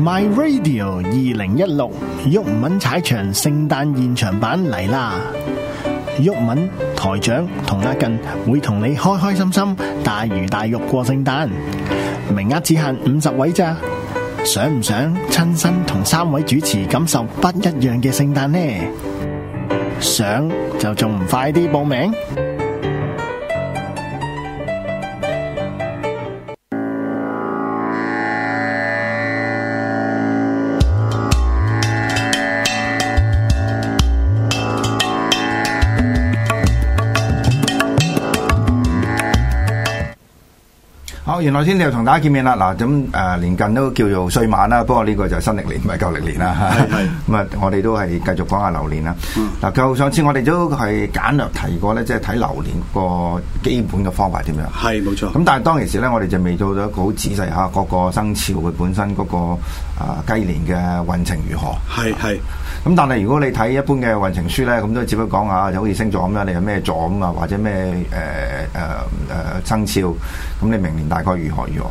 My Radio 二零一六郁文踩場聖誕現場版嚟啦！郁文台長同阿近會同你開開心心大魚大肉過聖誕，名額只限五十位咋？想唔想親身同三位主持感受不一樣嘅聖誕呢？想就仲唔快啲報名？好，原來先你又同大家見面啦。嗱，咁、呃、誒連近都叫做歲晚啦，不過呢個就係新歷年唔係舊歷年啦。咁啊，我哋都係繼續講下流年啦。嗱，舊上次我哋都係簡略提過咧，即係睇流年個基本嘅方法點樣？係，冇錯。咁但係當其時咧，我哋就未做到一個好仔細下各個生肖佢本身嗰個啊雞年嘅運程如何。係係是是、啊。咁但係如果你睇一般嘅運程書咧，咁都只不過講下，就好似星座咁樣，你有咩座咁啊，或者咩誒誒誒生肖咁，你明年大概如何如何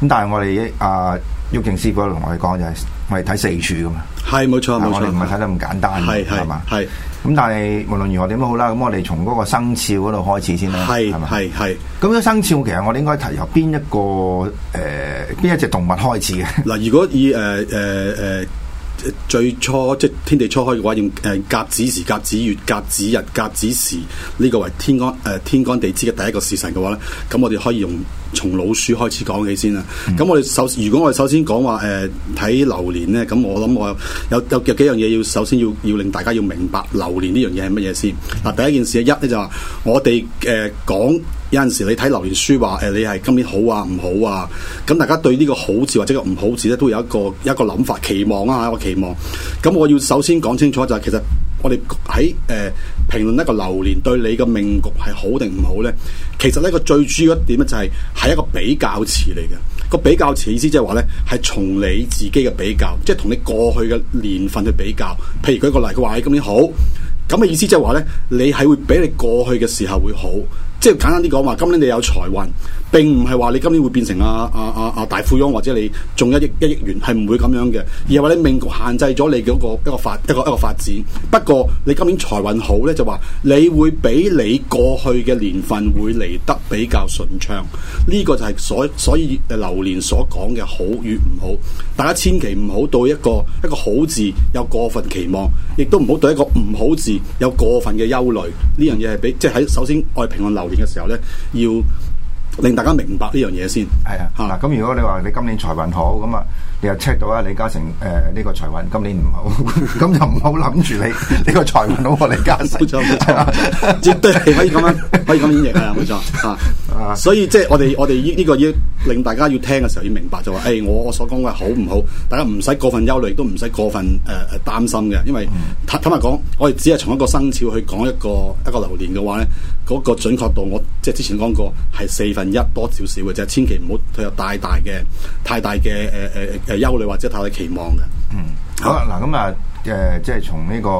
咁。但係我哋阿、呃、毓証師傅同我哋講就係，我哋睇四柱噶嘛，係冇錯，錯我哋唔係睇得咁簡單，係係嘛，係咁吧。但係無論如何點都好啦，咁我哋從嗰個生肖嗰度開始先啦，係係係。咁樣吧生肖其實我哋應該由邊一個誒邊、呃、一隻動物開始嘅嗱？如果以誒誒誒。呃呃呃最初即天地初開嘅話，用誒、呃、甲子時、甲子月、甲子日、甲子時呢、這個為天干誒、呃、天干地支嘅第一個時辰嘅話咧，咁我哋可以用從老鼠開始講起先啦。咁、嗯、我哋首如果我哋首先講話誒睇流年呢，咁、呃、我諗我有有有幾樣嘢要首先要要令大家要明白流年呢樣嘢係乜嘢先。嗱、嗯、第一件事啊，一呢，就話我哋誒講。有陣時你睇流年書話誒，你係今年好啊，唔好啊。咁大家對呢個好字或者個唔好字咧，都有一個有一個諗法期望啊，一個期望。咁我要首先講清楚就係，其實我哋喺誒評論一個流年，對你嘅命局係好定唔好咧？其實呢個最主要一點就係係一個比較詞嚟嘅。個比較詞意思即係話咧，係從你自己嘅比較，即係同你過去嘅年份去比較。譬如舉個例，佢話你今年好，咁嘅意思即係話咧，你係會比你過去嘅時候會好。即係簡單啲講話，今年你有財運，並唔係話你今年會變成啊啊啊啊大富翁，或者你中一億一億元，係唔會咁樣嘅，而係話你命局限制咗你嗰個一,一個發一個一個發展。不過你今年財運好呢，就話你會比你過去嘅年份會嚟得比較順暢。呢個就係所所以流年所講嘅好與唔好。大家千祈唔好對一個一個好字有過分期望，亦都唔好對一個唔好字有過分嘅憂慮。呢樣嘢係俾即係喺首先我哋平年嘅時候咧，要令大家明白呢樣嘢先，係的的啊，嚇嗱。咁如果你話你今年財運好，咁啊。你又 check 到啊？李嘉誠誒，呢、這個財運今年唔好，咁 就唔好諗住你呢個財運好過李嘉誠， 絕對係唔可以咁樣，可以咁演繹嘅，冇錯 啊。 所以即係我哋我哋呢呢個要令大家要聽嘅時候要明白就話，誒、哎，我所講嘅好唔好，大家唔使過分憂慮，都唔使過分誒誒擔心嘅。因為坦白講，我哋只係從一個生肖去講一個一個流年嘅話咧，嗰、那個準確度，我即係之前講過係四分一多少少嘅啫，就是、千祈唔好有大大太大嘅太大嘅誒誒。呃呃呃誒，憂慮或者太多期望嘅。嗯，好啦，嗱，咁啊，誒，即係從呢個誒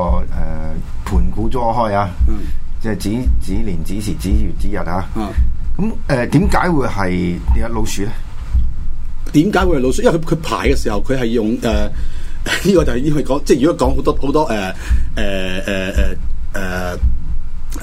盤、呃、古初開啊，嗯、即係指指年、指時、指月、指日啊。咁、啊、誒，點、呃、解會係呢隻老鼠咧？點解會係老鼠？因為佢佢排嘅時候，佢係用誒呢個就係已經去講，即係如果講好多好多誒誒誒誒誒誒。呃呃呃呃呃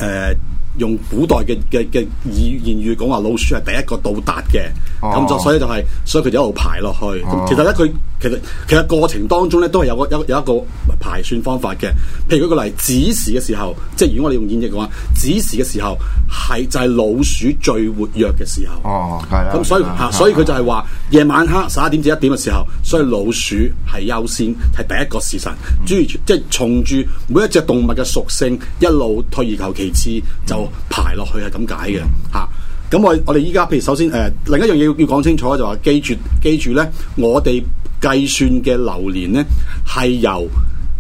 呃呃用古代嘅嘅嘅語言語講話，老鼠係第一個到達嘅，咁就、oh、所以就係、是、所以佢就一路排落去、oh 其。其實咧，佢其實其實過程當中咧，都係有個有有一個排算方法嘅。譬如舉個例，子時嘅時候，即係如果我哋用演繹嘅話，子時嘅時候係就係老鼠最活躍嘅時候。哦，係啦。咁所以吓、oh、所以佢、right, right, right, right, right. 就係話夜晚黑十一點至一點嘅時候，所以老鼠係優先係第一個時辰。主要、mm. 即係從住每一隻動物嘅屬性一路退而求其次就。排落去係咁解嘅，吓咁、嗯啊、我我哋依家，譬如首先，誒、呃，另一樣嘢要要講清楚就話、是，記住記住呢，我哋計算嘅流年呢，係由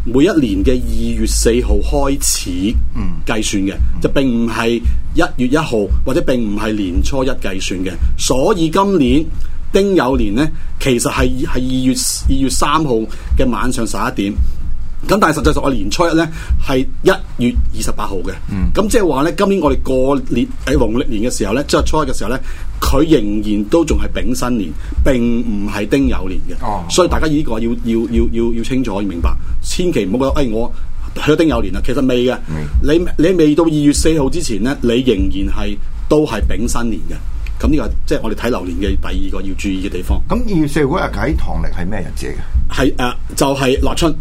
每一年嘅二月四號開始計算嘅，嗯、就並唔係一月一號或者並唔係年初一計算嘅，所以今年丁酉年呢，其實係係二月二月三號嘅晚上十一點。咁但係實際上我年初一咧，係一月二十八號嘅。咁、嗯、即係話咧今年我哋過年喺農曆年嘅時候咧，即係初一嘅時候咧，佢仍然都仲係丙申年，並唔係丁酉年嘅。哦、所以大家呢個要要要要要清楚要明白，千祈唔好覺得誒、哎、我去咗丁酉年啦，其實未嘅、嗯，你你未到二月四號之前咧，你仍然係都係丙申年嘅。咁呢個即係我哋睇流年嘅第二個要注意嘅地方。咁二月四號係睇唐曆係咩日子嚟嘅？係誒、呃，就係、是、立春。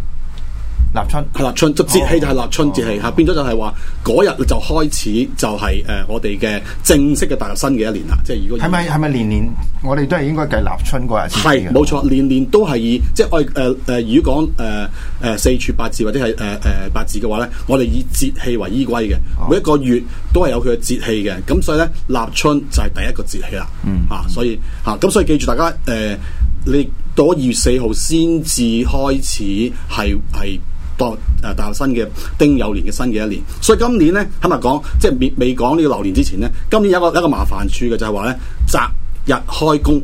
立春係立春， 就節氣就係立春節氣嚇，oh, oh, oh, oh, oh. 變咗就係話嗰日就開始就係、是、誒、呃、我哋嘅正式嘅踏入新嘅一年啦。即係如果係咪係咪年年我哋都係應該計立春嗰日先？冇 錯，年年都係以即係我誒誒，如果講誒誒四柱八字或者係誒誒八字嘅話咧，我哋以節氣為依歸嘅，oh. 每一個月都係有佢嘅節氣嘅。咁所以咧，立春就係第一個節氣啦。嚇、嗯，所以嚇咁，嗯 uh, 所以記住大家誒，你到二月四號先至開始係係。誒，大學生嘅丁酉年嘅新嘅一年，所以今年咧，坦白講，即係未未講呢個流年之前咧，今年有一個有一個麻煩處嘅就係話咧，擇日開工。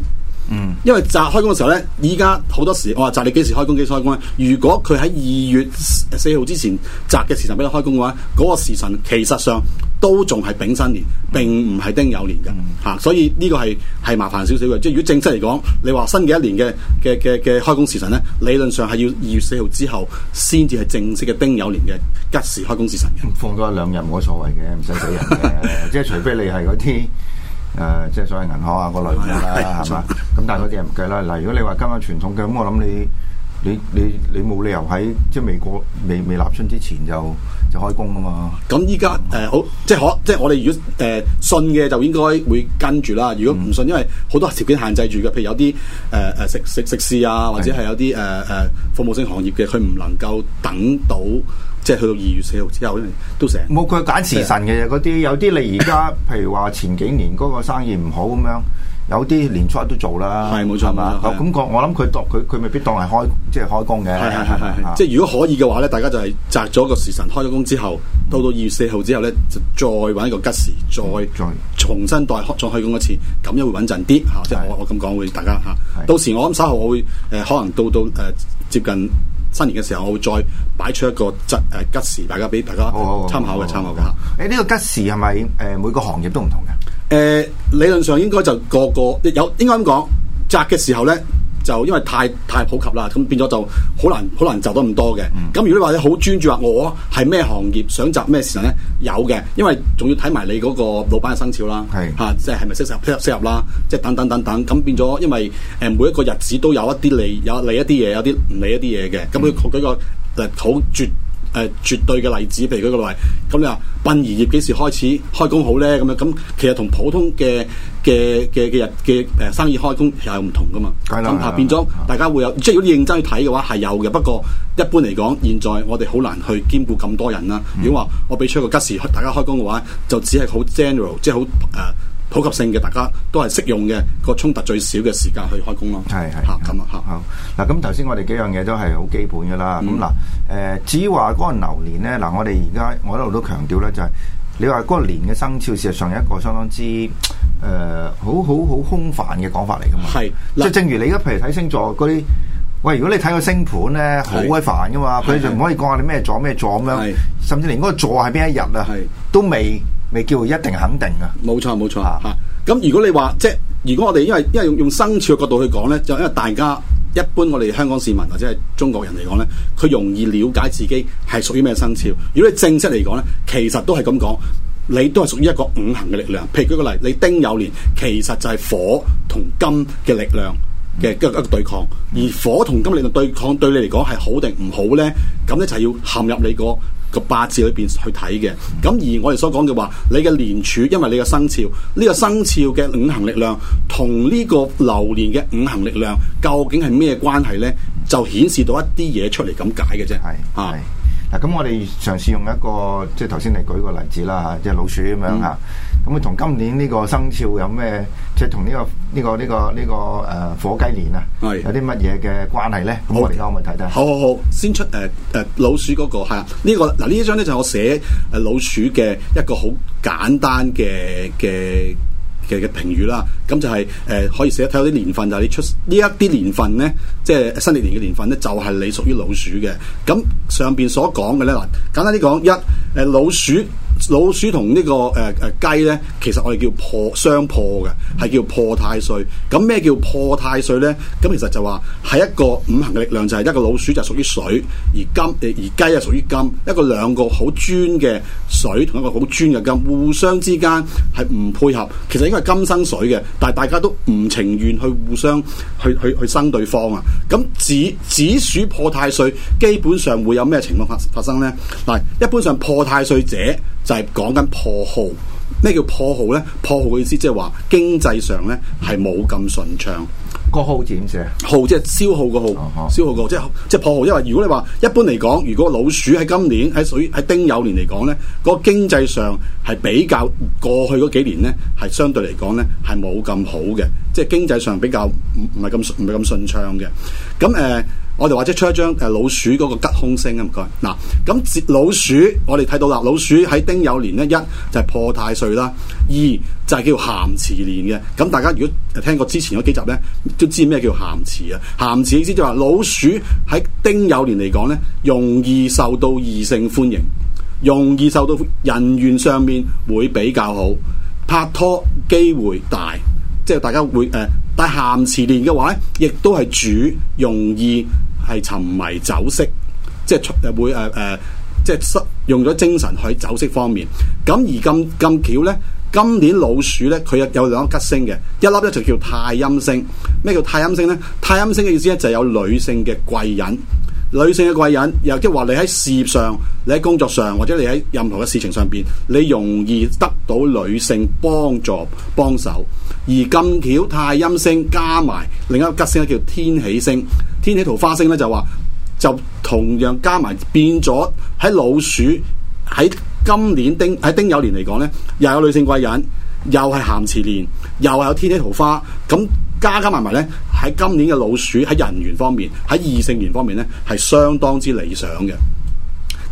嗯，因為擇開工嘅時候咧，依家好多時，我話擇你幾時開工，幾時開工咧。如果佢喺二月四號之前擇嘅時辰俾你開工嘅話，嗰、那個時辰其實上都仲係丙申年，並唔係丁酉年嘅吓、嗯啊，所以呢個係係麻煩少少嘅。即係如果正式嚟講，你話新嘅一年嘅嘅嘅嘅開工時辰咧，理論上係要二月四號之後先至係正式嘅丁酉年嘅吉時開工時辰嘅。放多兩日冇乜所謂嘅，唔使死人嘅， 即係除非你係嗰啲。誒、呃，即係所謂銀行啊個類型啦，係嘛？咁但係佢哋唔計啦。嗱， 如果你話今日傳統嘅，咁我諗你。你你你冇理由喺即係未過未未立春之前就就開工啊嘛？咁依家誒，好，即係可即係我哋如果誒、呃、信嘅就應該會跟住啦。如果唔信，嗯、因為好多條件限制住嘅，譬如有啲誒誒食食食肆啊，或者係有啲誒誒服務性行業嘅，佢唔能夠等到即係去到二月四號之後都成日。冇佢揀時辰嘅，嗰啲的有啲你而家譬如話前幾年嗰個生意唔好咁樣。有啲年初都做啦，係冇錯嘛。咁我我諗佢當佢佢未必當係開即係開工嘅，係係係係。即係如果可以嘅話咧，大家就係擇咗個時辰，開咗工之後，到到二月四號之後咧，就再揾一個吉時，再再重新再再開工一次，咁樣會穩陣啲吓。即係我我咁講，會大家吓。到時我諗稍後我會誒，可能到到誒接近新年嘅時候，我會再擺出一個吉誒吉時，大家俾大家參考嘅參考嘅吓。誒，呢個吉時係咪誒每個行業都唔同嘅？誒、呃，理論上應該就個個有應該咁講，摘嘅時候咧，就因為太太普及啦，咁變咗就好難好難摘得咁多嘅。咁、嗯、如果你話你好專注話，我係咩行業想集咩時候咧，有嘅，因為仲要睇埋你嗰個老闆嘅生肖啦，嚇是，即係係咪適合適合適合啦，即、就、係、是、等，等，等等等等，咁變咗，因為誒、呃、每一個日子都有一啲利，有利一啲嘢，有啲唔利一啲嘢嘅，咁佢舉個好絕。誒、呃、絕對嘅例子，譬如舉個例，咁你話殯儀業幾時開始開工好咧？咁樣咁，其實同普通嘅嘅嘅嘅日嘅誒生意開工又有唔同噶嘛。係啦，咁 啊樂變咗 大家會有，即係如果你認真去睇嘅話係有嘅。不過一般嚟講，現在我哋好難去兼顧咁多人啦。嗯、如果話我俾出個吉時，大家開工嘅話，就只係好 general，即係好誒、呃普及性嘅，大家都係適用嘅，個衝突最少嘅時間去開工咯。係係嚇咁啊嚇。嗱咁頭先我哋幾樣嘢都係好基本㗎喇。咁嗱誒，至於話嗰個流年咧，嗱我哋而家我一路都強調咧，就係你話嗰個年嘅生肖，事實上有一個相當之誒好好好空泛嘅講法嚟㗎嘛。係即係正如你而家譬如睇星座嗰啲，喂，如果你睇個星盤咧，好鬼煩㗎嘛，佢就唔可以講下你咩座咩座咁樣，甚至連嗰個座係邊一日啊，都未。未叫佢一定肯定啊！冇錯冇錯吓，咁係如果你話即係，如果我哋因為因為用用生肖嘅角度去講呢，就因為大家一般我哋香港市民或者係中國人嚟講呢，佢容易了解自己係屬於咩生肖。如果你正式嚟講呢，其實都係咁講，你都係屬於一個五行嘅力量。譬如舉個例，你丁酉年，其實就係火同金嘅力量。嘅，一個一對抗，而火同今年嘅對抗，對你嚟講係好定唔好咧？咁咧就係要陷入你個個八字裏邊去睇嘅。咁、嗯、而我哋所講嘅話，你嘅年柱，因為你嘅生肖，呢、呢個生肖嘅五行力量同呢個流年嘅五行力量，究竟係咩關係咧？就顯示到一啲嘢出嚟咁解嘅啫。係啊，嗱，咁我哋嘗試用一個即係頭先你舉個例子啦嚇，即係老鼠咁樣嚇，咁啊同今年呢個生肖有咩即係同呢個？呢、這個呢、這個呢個誒火雞年啊，是有啲乜嘢嘅關係咧？咁好我嚟交個問題先。好好好，先出誒誒、呃、老鼠嗰、那個係啦。呢、這個嗱呢一張咧就係我寫誒老鼠嘅一個好簡單嘅嘅嘅嘅評語啦。咁就係、是、誒、呃、可以寫睇到啲年份，就係、是、你出呢一啲年份咧，即係、嗯、新曆年嘅年，年份咧，就係你屬於老鼠嘅。咁上邊所講嘅咧，嗱簡單啲講一誒老鼠。老鼠同呢、這個誒誒、呃、雞呢，其實我哋叫破相破嘅，係叫破太歲。咁咩叫破太歲呢？咁其實就話係一個五行嘅力量，就係、是、一個老鼠就屬於水，而金而雞啊屬於金，一個兩個好專嘅水同一個好專嘅金，互相之間係唔配合。其實應該係金生水嘅，但係大家都唔情願去互相去去去生對方啊。咁子子鼠破太歲，基本上會有咩情況發，發生呢？嗱，一般上破太歲者。就係講緊破耗，咩叫破耗咧？破耗嘅意思即係話經濟上咧係冇咁順暢。順暢個耗點寫啊？耗即係消耗個耗，哦哦、消耗個即係即係破耗。因為如果你話一般嚟講，如果老鼠喺今年喺水喺丁酉年嚟講咧，個經濟上係比較過去嗰幾年咧係相對嚟講咧係冇咁好嘅，即係經濟上比較唔唔係咁唔係咁順暢嘅。咁誒。我哋或者出一張老鼠嗰個吉凶星啊，唔該嗱。咁老鼠，我哋睇到啦，老鼠喺丁酉年咧，一就係破太歲啦，二就係叫做咸池年嘅。咁大家如果聽過之前嗰幾集呢，都知咩叫咸池啊？咸池意思就話老鼠喺丁酉年嚟講呢，容易受到異性歡迎，容易受到人緣上面會比較好，拍拖機會大，即係大家會誒。呃但係咸池年嘅話咧，亦都係主容易係沉迷酒色，即係出會誒誒、呃呃，即係失用咗精神去酒色方面。咁而今咁巧咧，今年老鼠咧，佢有有兩個吉星嘅，一粒咧就叫太陰星。咩叫太陰星咧？太陰星嘅意思咧，就有女性嘅貴人。女性嘅貴人，又即係話你喺事業上、你喺工作上，或者你喺任何嘅事情上邊，你容易得到女性幫助幫手。而金巧太陰星加埋另一個吉星叫天喜星。天喜桃花星咧，就話就同樣加埋，變咗喺老鼠喺今年丁喺丁酉年嚟講呢，又有女性貴人，又係咸池年，又係有天喜桃花，咁加加埋埋呢。喺今年嘅老鼠喺人緣方面，喺異性緣方面咧，係相當之理想嘅。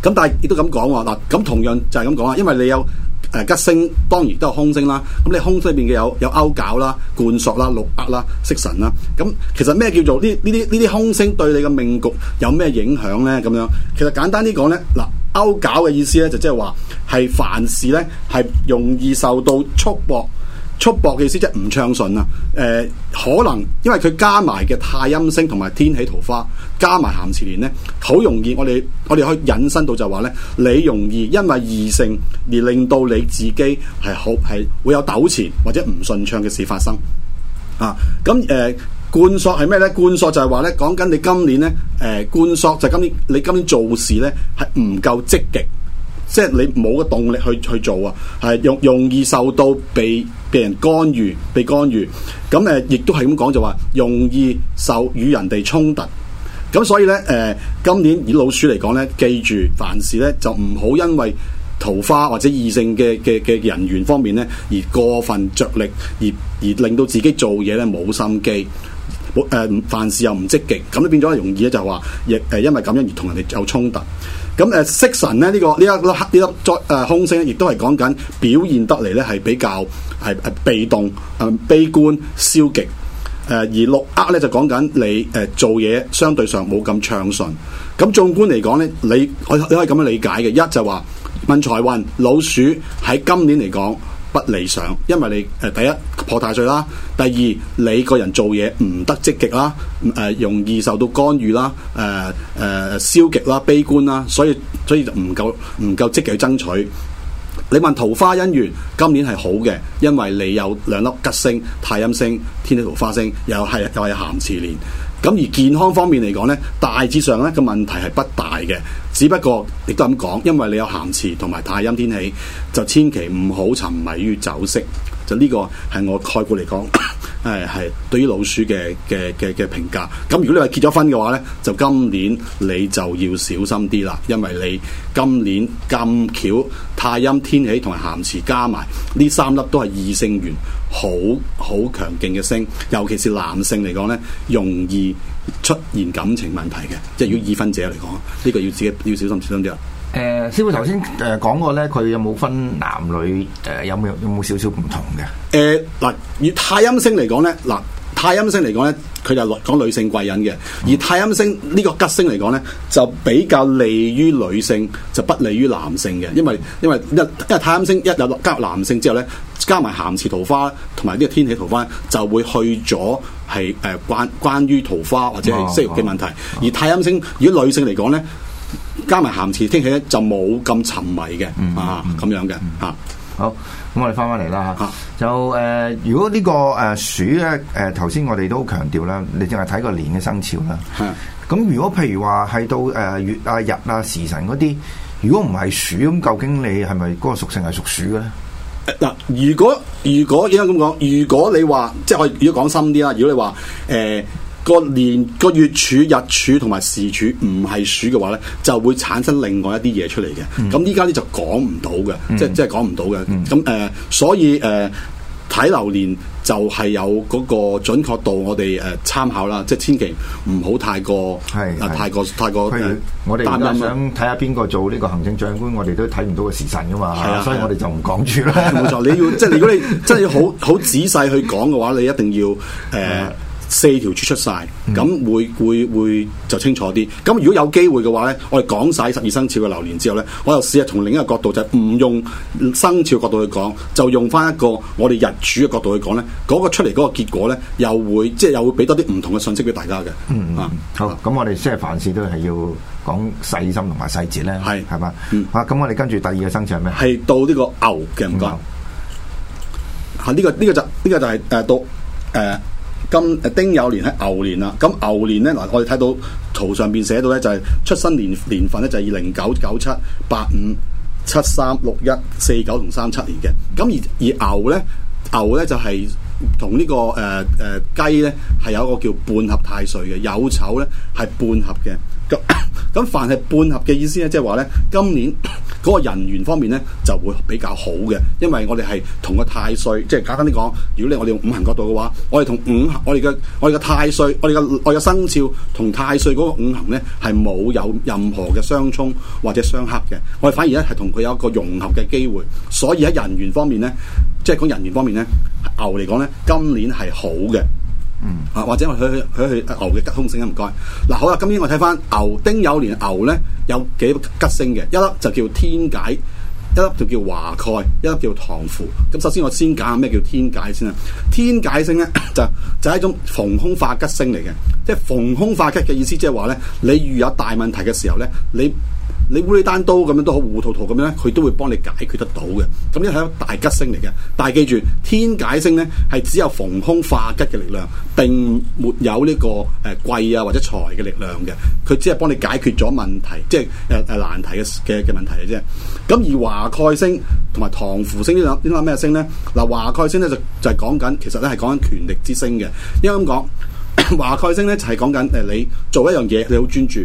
咁但係亦都咁講喎嗱，咁同樣就係咁講啦，因為你有誒吉星，當然都有空星啦。咁你空星裏邊嘅有有勾絞啦、灌索啦、六厄啦、色神啦。咁其實咩叫做呢？呢啲呢啲空星對你嘅命局有咩影響呢？咁樣其實簡單啲講呢，嗱，勾絞嘅意思呢，就即係話，係凡事呢，係容易受到束縛。束縛嘅意思即係唔暢順啊！誒、呃，可能因為佢加埋嘅太陰星同埋天喜桃花加埋咸池蓮呢，好容易我哋我哋去引申到就話呢，你容易因為異性而令到你自己係好係會有糾纏或者唔順暢嘅事發生啊。咁、嗯、誒，冠、呃、索係咩呢？灌索就係話呢，講緊你今年呢，誒、呃，冠索就係今年你今年做事呢係唔夠積極，即、就、係、是、你冇個動力去去做啊，係容容易受到被。被人干預，被干預，咁誒，亦都係咁講就話容易受與人哋衝突，咁所以呢，誒、呃，今年以老鼠嚟講呢，記住凡事呢，就唔好因為桃花或者異性嘅嘅嘅人緣方面呢而過分着力，而而令到自己做嘢呢冇心機，誒、呃、凡事又唔積極，咁咧變咗容易咧就話，亦誒因為咁樣而同人哋有衝突。咁誒，息神咧呢、這個、這個這個這個呃、呢一粒呢粒災誒凶星，亦都係講緊表現得嚟咧係比較係係被動、誒、呃、悲觀、消極。誒、呃、而六厄咧就講緊你誒做嘢相對上冇咁暢順。咁縱觀嚟講咧，你我你可以咁樣理解嘅，一就話問財運老鼠喺今年嚟講。不理想，因為你誒，第一破太歲啦，第二你個人做嘢唔得積極啦，誒、呃、容易受到干預啦，誒、呃、誒、呃、消極啦，悲觀啦，所以所以就唔夠唔夠積極去爭取。你問桃花姻緣，今年係好嘅，因為你有兩粒吉星、太陰星、天地桃花星，又係又係鹹池年。咁而健康方面嚟講呢，大致上呢個問題係不大嘅，只不過亦都咁講，因為你有咸池同埋太陰天氣，就千祈唔好沉迷於酒色，就呢個係我概括嚟講。誒係，哎，對於老鼠嘅嘅嘅嘅評價，咁如果你話結咗婚嘅話咧，就今年你就要小心啲啦，因為你今年咁巧，太陰天喜同埋咸池加埋呢三粒都係異性緣好好強勁嘅星，尤其是男性嚟講咧，容易出現感情問題嘅，即係如果已婚者嚟講，呢、這個要自己要小心小心啲啦！誒，師傅頭先誒講過咧，佢、呃、有冇分男女？誒、呃，有冇有冇少少唔同嘅？誒，嗱，以太陰星嚟講咧，嗱，太陰星嚟講咧，佢就講女性貴人嘅。而太陰星呢個吉星嚟講咧，就比較利於女性，就不利於男性嘅。因為因為一因為太陰星一有加入男性之後咧，加埋咸池桃花同埋呢個天喜桃花，桃花就會去咗係誒關關於桃花或者係色慾嘅問題。啊啊、而太陰星如果女性嚟講咧。加埋咸池，聽起咧就冇咁沉迷嘅、嗯嗯、啊，咁樣嘅啊。好，咁我哋翻返嚟啦嚇。就誒，如果、這個呃、呢個誒鼠咧，誒頭先我哋都強調啦，你淨係睇個年嘅生肖啦。係、嗯。咁如果譬如話係到誒月啊、日啊、時辰嗰啲，如果唔係鼠，咁究竟你係咪嗰個屬性係屬鼠嘅咧？嗱、呃，如果如果點樣咁講？如果你話即係我要講深啲啦，如果你話誒。個年個月柱日柱同埋時柱唔係鼠嘅話咧，就會產生另外一啲嘢出嚟嘅。咁依家咧就講唔到嘅，即即係講唔到嘅。咁誒，所以誒睇流年就係有嗰個準確度，我哋誒參考啦。即係千祈唔好太過係太過太過。我哋大家想睇下邊個做呢個行政長官，我哋都睇唔到個時辰噶嘛。係啊，所以我哋就唔講住啦。冇錯，你要即係如果你真係要好好仔細去講嘅話，你一定要誒。四條柱出晒，咁會會會就清楚啲。咁如果有機會嘅話咧，我哋講晒十二生肖嘅流年之後咧，我又試下從另一個角度，就唔、係、用生肖角度去講，就用翻一個我哋日主嘅角度去講咧，嗰、嗰個出嚟嗰個結果咧，又會即係又會俾多啲唔同嘅信息俾大家嘅。嗯，嗯，嗯好。咁、啊、我哋即係凡事都係要講細心同埋細節咧。係是，係嘛吧。嗯。啊，咁我哋跟住第二個生肖係咩？係到呢個牛嘅唔該。嚇！呢、嗯啊這個呢、這個這個就呢個就係誒到誒。呃呃呃今誒丁酉年係牛年啦，咁牛年咧嗱，我哋睇到圖上邊寫到咧就係出生年年份咧就係二零九九七八五七三六一四九同三七年嘅，咁而而牛咧牛咧就係同、這個呃呃、呢個誒誒雞咧係有一個叫半合太歲嘅，酉丑咧係半合嘅，咁咁凡係半合嘅意思咧即係話咧今年。 嗰個人緣方面咧就會比較好嘅，因為我哋係同個太歲，即係簡單啲講，如果你我哋用五行角度嘅話，我哋同五行，我哋嘅我哋嘅太歲，我哋嘅我嘅生肖同太歲嗰個五行咧係冇有任何嘅相沖或者相克嘅，我哋反而咧係同佢有一個融合嘅機會，所以喺人緣方面咧，即係講人緣方面咧，牛嚟講咧，今年係好嘅。嗯，啊或者我佢佢去，去，去牛嘅吉凶星啊，唔該。嗱好啦，今日我睇翻牛丁酉年牛咧有幾個吉星嘅，一粒就叫天解，一粒就叫華蓋，一粒叫唐符。咁、啊、首先我先講下咩叫天解先啊。天解星咧 就是、就係、是、一種逢凶化吉星嚟嘅，即係逢凶化吉嘅意思，即係話咧你遇有大問題嘅時候咧你。你烏裏單刀咁樣都好糊塗塗咁樣，佢都會幫你解決得到嘅。咁呢係一個大吉星嚟嘅。但係記住，天解星咧係只有逢凶化吉嘅力量，並沒有呢、這個誒、呃、貴啊或者財嘅力量嘅。佢只係幫你解決咗問題，即係誒誒難題嘅嘅嘅問題嘅啫。咁而華蓋星同埋唐符星，星呢兩呢兩咩星咧？嗱華蓋星咧就是、就係講緊其實咧係講緊權力之星嘅。因為咁講華蓋星咧就係講緊誒你做一樣嘢你好專注。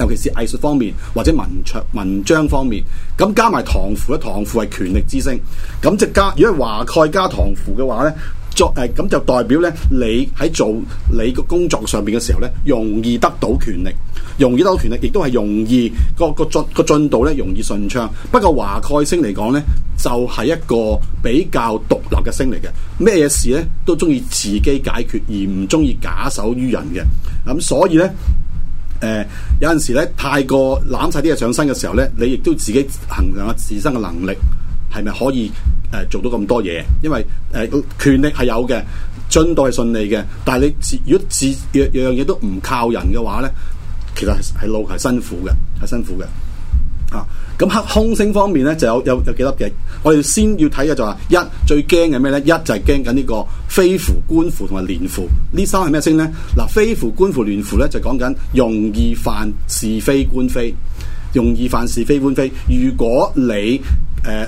尤其是藝術方面或者文章文章方面，咁加埋唐符咧，唐符係權力之星，咁即加如果華蓋加唐符嘅話呢作誒咁、呃、就代表呢，你喺做你個工作上邊嘅時候呢，容易得到權力，容易得到權力，亦都係容易個個進個進度呢，容易順暢。不過華蓋星嚟講呢，就係、是、一個比較獨立嘅星嚟嘅，咩事呢，都中意自己解決，而唔中意假手於人嘅，咁所以呢。誒、呃、有陣時咧，太過攬晒啲嘢上身嘅時候咧，你亦都自己衡量下自身嘅能力係咪可以誒、呃、做到咁多嘢？因為誒、呃、權力係有嘅，進度係順利嘅，但係你自如果自樣樣嘢都唔靠人嘅話咧，其實係路係辛苦嘅，係辛苦嘅。咁黑空星方面咧，就有有有幾粒嘅。我哋先要睇嘅就係、是、一最驚嘅咩咧？一就係驚緊呢個飛符、官符同埋連符。三呢三係咩星咧？嗱，飛符、官符、連符咧就講緊容易犯是非官非，容易犯是非官非。如果你誒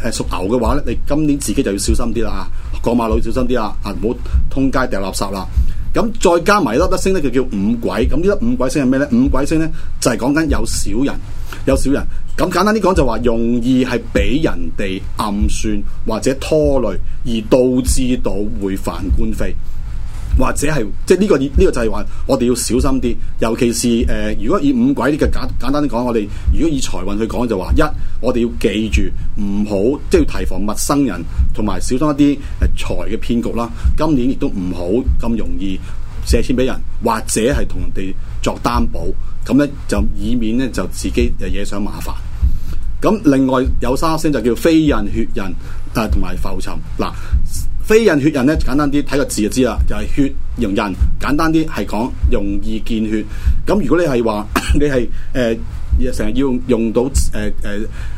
誒屬牛嘅話咧，你今年自己就要小心啲啦啊！過馬路小心啲啊！啊，唔好通街掉垃圾啦。咁再加埋一粒粒星咧，就叫五鬼。咁呢粒五鬼星係咩咧？五鬼星咧就係講緊有小人。有小人咁簡單啲講，就話容易係俾人哋暗算或者拖累，而導致到會犯官非，或者係即係呢個呢個就係、是、話我哋要小心啲，尤其是誒、呃、如果以五鬼呢個簡簡單啲講，我哋如果以財運去講就話一，我哋要記住唔好即係要提防陌生人，同埋小心一啲誒財嘅騙局啦。今年亦都唔好咁容易借錢俾人，或者係同人哋作擔保，咁咧就以免咧就自己惹上麻煩。咁另外有三聲就叫飛印血印，啊，同埋浮沉。嗱，飛印血印咧簡單啲睇個字就知啦，就係、是、血溶印。簡單啲係講容易見血。咁如果你係話 你係誒。呃成日要用到誒誒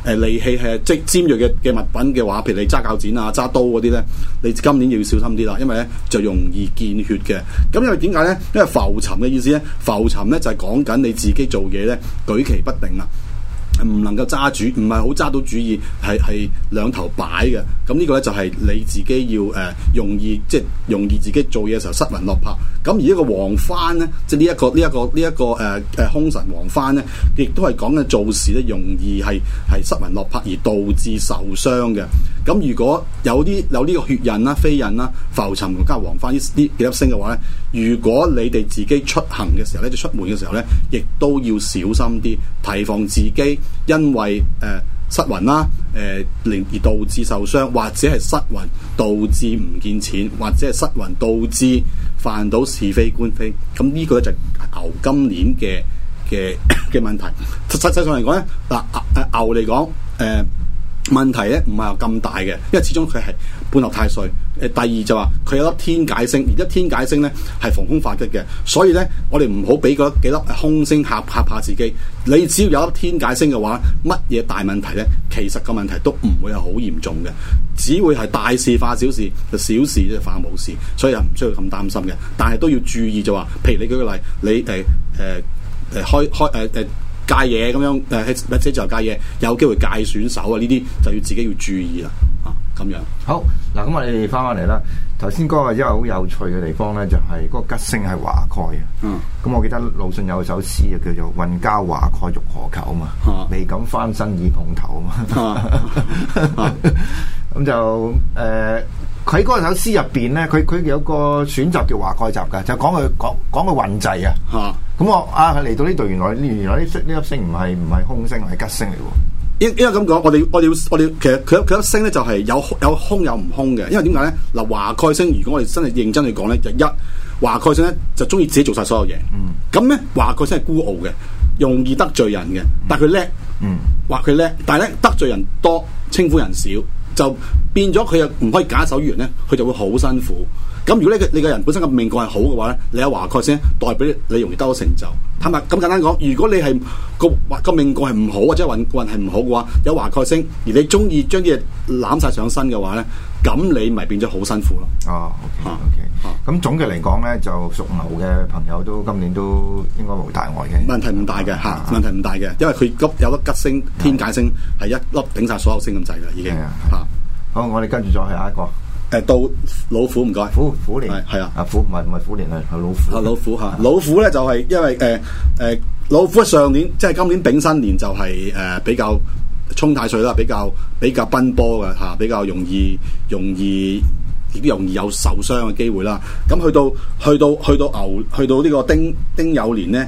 誒利器，係即尖鋭嘅嘅物品嘅話，譬如你揸鉸剪啊、揸刀嗰啲咧，你今年要小心啲啦，因為咧就容易見血嘅。咁因為點解咧？因為浮沉嘅意思咧，浮沉咧就係、是、講緊你自己做嘢咧，舉棋不定啊，唔能夠揸主，唔係好揸到主意，係係兩頭擺嘅。咁呢個呢，就係你自己要誒、呃、容易即係容易自己做嘢嘅時候失魂落魄。咁而一個黃幡呢，即係呢一個呢一個呢一個誒誒凶神黃幡呢，亦都係講緊做事呢，容易係係失魂落魄而導致受傷嘅。咁如果有啲有呢個血刃啦、飛刃啦、浮沉加黃幡呢呢幾粒星嘅話呢，如果你哋自己出行嘅時候呢，就出門嘅時候呢，亦都要小心啲，提防自己因為誒。呃失魂啦、啊，令、呃、而導致受傷，或者係失魂導致唔見錢，或者係失魂導致犯到是非官非。咁、嗯、呢、這個咧就係牛今年嘅嘅嘅問題。實際上嚟講咧，嗱，誒牛嚟講，誒。問題咧唔係有咁大嘅，因為始終佢係半落太歲。誒第二就話佢有粒天解星，而一天解星咧係防空發吉嘅，所以咧我哋唔好俾嗰幾粒空星嚇嚇怕自己。你只要有粒天解星嘅話，乜嘢大問題咧，其實個問題都唔會係好嚴重嘅，只會係大事化小事，就小事啫化冇事，所以又唔需要咁擔心嘅。但係都要注意就話，譬如你舉個例，你誒誒誒開開誒誒。呃呃戒嘢咁樣，誒或者就戒嘢，有機會戒選手啊！呢啲就要自己要注意啦，啊咁樣。好，嗱，咁我哋翻返嚟啦。頭先嗰個因為好有趣嘅地方咧，就係嗰個吉星係華蓋啊。嗯。咁我記得魯迅有首詩啊，叫做《運交華蓋欲何求》啊嘛，啊未敢翻身已碰頭啊嘛。咁就誒。呃佢嗰首詩入邊咧，佢佢有個選擇叫華蓋集嘅，就講佢講講佢運滯啊。嚇！咁我啊嚟到呢度，原來原來呢呢粒星唔係唔係凶星，係吉星嚟喎。因因為咁講，我哋我哋我哋其實佢佢一星咧就係有有凶有唔凶嘅。因為點解咧？嗱，華蓋星如果我哋真係認真去講咧，就一華蓋星咧就中意自己做晒所有嘢。嗯。咁咧，華蓋星係、嗯、孤傲嘅，容易得罪人嘅，但佢叻。嗯。話佢叻，但係咧得罪人多，稱呼人少。就變咗佢又唔可以假手於人咧，佢就會好辛苦。咁如果咧你個人本身個命運係好嘅話咧，你有華蓋星，代表你容易得到成就。坦白咁簡單講，如果你係個個命運係唔好或者運運係唔好嘅話，有華蓋星而你中意將啲嘢攬晒上身嘅話咧。咁你咪變咗好辛苦咯。哦，OK，OK，咁總嘅嚟講咧，就屬牛嘅朋友都今年都應該冇大礙嘅。問題唔大嘅吓，問題唔大嘅，因為佢吉有粒吉星天解星係一粒頂晒所有星咁滯噶，已經吓。好，我哋跟住再去下一個。誒，到老虎唔該。虎虎年係啊。啊，虎唔係唔係虎年係係老虎。老虎吓。老虎咧就係因為誒誒，老虎上年即係今年丙申年就係誒比較。沖太歲啦，水比較比較奔波嘅嚇，比較容易容易亦都容易有受傷嘅機會啦。咁去到去到去到牛去到呢個丁丁酉年呢，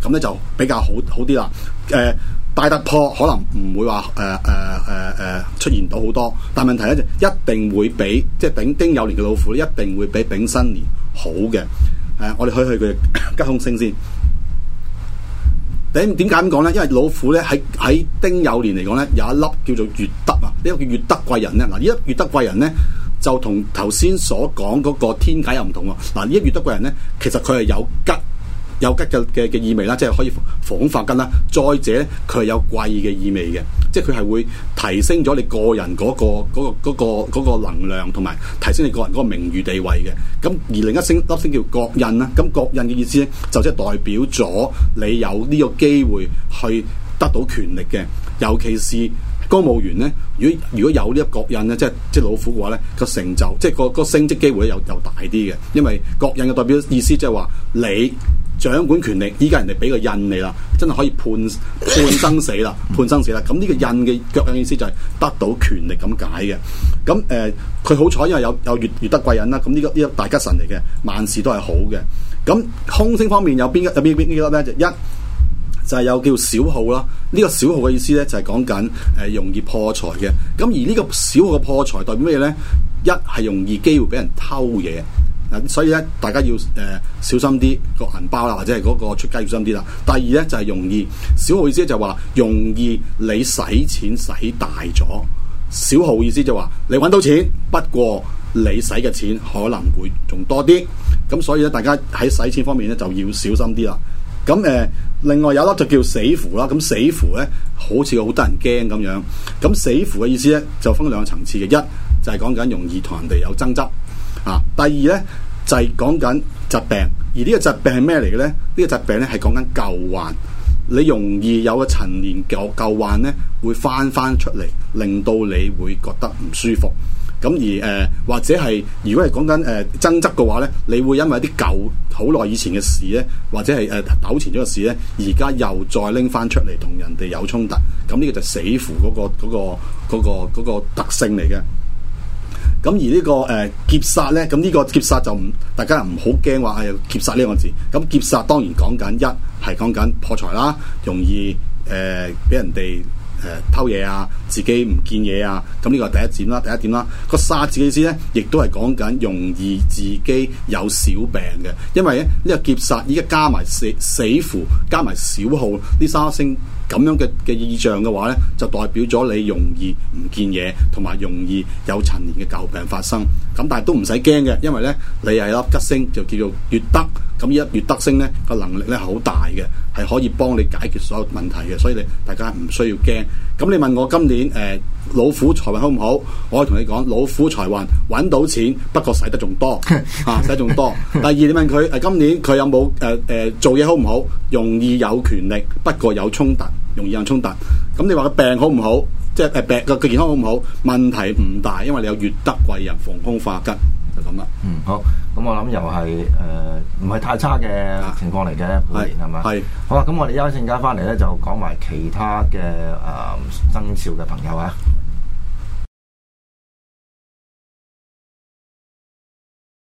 咁呢就比較好好啲啦。誒、呃、大突破可能唔會話誒誒誒出現到好多，但係問題咧就一定會比即係丙丁酉年嘅老虎一定會比丙申年好嘅。誒、呃，我哋去去佢嘅吉凶星先。誒，點解咁講呢？因為老虎咧喺喺丁酉年嚟講咧有一粒叫做月德啊，呢個叫月德貴人咧。嗱，呢粒月德貴人咧就同頭先所講嗰個天解又唔同喎。嗱，呢粒月德貴人咧其實佢係有吉，有吉嘅嘅嘅意味啦，即係可以逢凶化吉啦。再者，佢係有貴嘅意味嘅，即係佢係會提升咗你個人嗰個嗰個嗰個嗰個能量，同埋提升你個人嗰個名譽地位嘅。咁而另一星一粒星叫國印啦。咁國印嘅意思咧，就即係代表咗你有呢個機會去得到權力嘅，尤其是公務員咧。如果如果有呢個國印咧，即係即係老虎嘅話咧，個成就即係個個升職機會又又大啲嘅，因為國印嘅代表意思即係話你。掌管權力，依家人哋俾個印你啦，真係可以判判生死啦，判生死啦。咁呢個印嘅腳印意思就係得到權力咁解嘅。咁誒，佢好彩，因為有有月月德貴人啦，咁呢個呢個大吉神嚟嘅，萬事都係好嘅。咁凶星方面有邊一有邊邊幾粒咧？就一就係有叫小耗啦。呢、這個小耗嘅意思咧就係講緊誒、呃、容易破財嘅。咁而呢個小耗嘅破財代表咩咧？一係容易機會俾人偷嘢。所以咧，大家要誒、呃、小心啲個銀包啦，或者係嗰個出街要小心啲啦。第二咧就係、是、容易，小耗意思就話容易你使錢使大咗。小耗意思就話你揾到錢，不過你使嘅錢可能會仲多啲。咁所以咧，大家喺使錢方面咧就要小心啲啦。咁、嗯、誒、呃，另外有粒就叫死符啦。咁、嗯、死符咧好似好得人驚咁樣。咁、嗯、死符嘅意思咧就分兩個層次嘅，一就係、是、講緊容易同人哋有爭執啊。第二咧。就係講緊疾病，而呢個疾病係咩嚟嘅呢？呢、呢個疾病呢係講緊舊患，你容易有嘅陳年舊舊患呢，會翻翻出嚟，令到你會覺得唔舒服。咁而誒、呃，或者係如果係講緊誒爭執嘅話呢，你會因為啲舊好耐以前嘅事呢，或者係誒、呃、糾纏咗嘅事呢，而家又再拎翻出嚟同人哋有衝突。咁呢個就死符嗰、嗰個嗰、嗰個嗰、嗰個嗰、嗰個嗰個嗰個特性嚟嘅。咁而、這個呃、劫殺呢、這個劫殺呢，咁呢個劫殺就唔，大家唔好驚話劫殺呢一個字。咁劫殺當然講緊一係講緊破財啦，容易誒、呃、俾人哋。誒、呃、偷嘢啊，自己唔見嘢啊，咁呢個第一點啦，第一點啦。個殺自己意思咧，亦都係講緊容易自己有小病嘅，因為咧呢、呢個劫煞依家加埋死死符，加埋小耗，三呢三星咁樣嘅嘅意象嘅話咧，就代表咗你容易唔見嘢，同埋容易有陳年嘅舊病發生。咁但係都唔使驚嘅，因為咧你係一粒吉星，就叫做月德。咁呢一月德星咧，個能力咧係好大嘅。係可以幫你解決所有問題嘅，所以你大家唔需要驚。咁你問我今年誒、呃、老虎財運好唔好？我可以同你講老虎財運揾到錢，不過使得仲多 啊，使得仲多。第二 你問佢誒今年佢有冇誒誒做嘢好唔好？容易有權力，不過有衝突，容易有衝突。咁你話個病好唔好？即係誒病個健康好唔好？問題唔大，因為你有月德貴人、逢凶化吉。咁啦，嗯好，咁我諗又係誒唔係太差嘅情況嚟嘅，半、啊、年係嘛，係好啦，咁我哋休息一陣間翻嚟咧，就講埋其他嘅誒生肖嘅朋友啊。